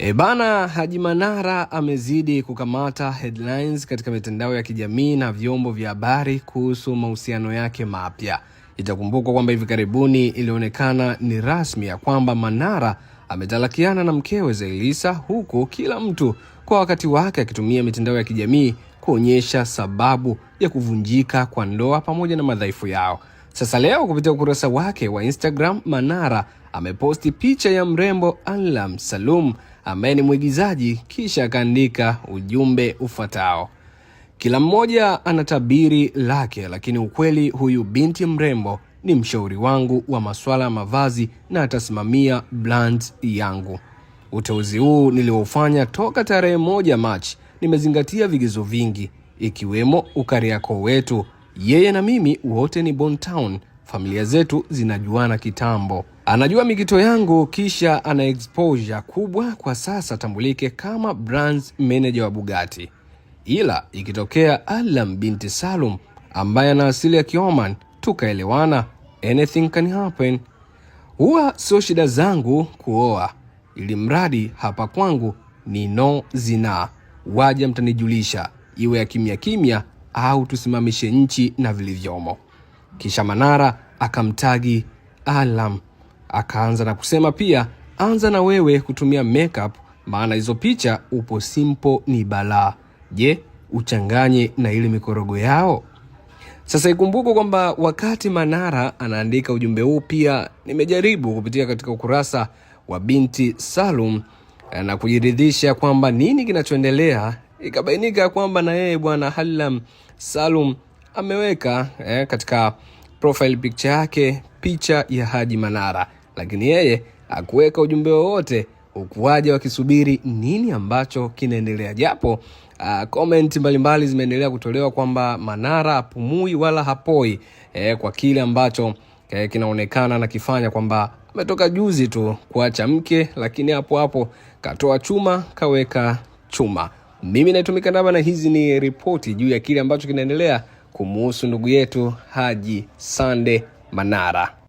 E bana, Haji Manara amezidi kukamata headlines katika mitandao ya kijamii na vyombo vya habari kuhusu mahusiano yake mapya. Itakumbukwa kwamba hivi karibuni ilionekana ni rasmi ya kwamba Manara ametalakiana na mkewe Zailisa, huku kila mtu kwa wakati wake akitumia mitandao ya kijamii kuonyesha sababu ya kuvunjika kwa ndoa pamoja na madhaifu yao. Sasa leo kupitia ukurasa wake wa Instagram, Manara ameposti picha ya mrembo Alam Salum ambaye ni mwigizaji, kisha akaandika ujumbe ufuatao: kila mmoja ana tabiri lake, lakini ukweli, huyu binti mrembo ni mshauri wangu wa masuala ya mavazi na atasimamia brand yangu. Uteuzi huu niliofanya toka tarehe moja Machi, nimezingatia vigezo vingi ikiwemo ukariako wetu. Yeye na mimi wote ni Bontown, familia zetu zinajuana kitambo anajua mikito yangu kisha ana exposure kubwa. Kwa sasa tambulike kama brands manager wa Bugatti, ila ikitokea Alam binti Salum ambaye ana asili ya Kioman tukaelewana, anything can happen. Huwa sio shida zangu kuoa, ili mradi hapa kwangu ni no zina Waja mtanijulisha, iwe ya kimya kimya au tusimamishe nchi na vilivyomo. Kisha Manara akamtagi Alam Akaanza na kusema pia, anza na wewe kutumia makeup, maana hizo picha upo simple ni balaa. Je, uchanganye na ile mikorogo yao? Sasa ikumbuke kwamba wakati Manara anaandika ujumbe huu, pia nimejaribu kupitia katika ukurasa wa binti Salum eh, na kujiridhisha kwamba nini kinachoendelea, ikabainika kwamba na yeye bwana Hallam Salum ameweka eh, katika profile picture yake picha ya Haji Manara lakini yeye hakuweka ujumbe wowote, huku wakisubiri nini ambacho kinaendelea, japo Uh, mbalimbali zimeendelea kutolewa kwamba Manara hapumui wala hapoi eh, kwa kile ambacho eh, kinaonekana na kifanya kwamba ametoka juzi tu kuacha mke, lakini hapo hapo katoa chuma kaweka chuma. Mimi naitumika ndaba na hizi ni ripoti juu ya kile ambacho kinaendelea kumuhusu ndugu yetu Haji Sande Manara.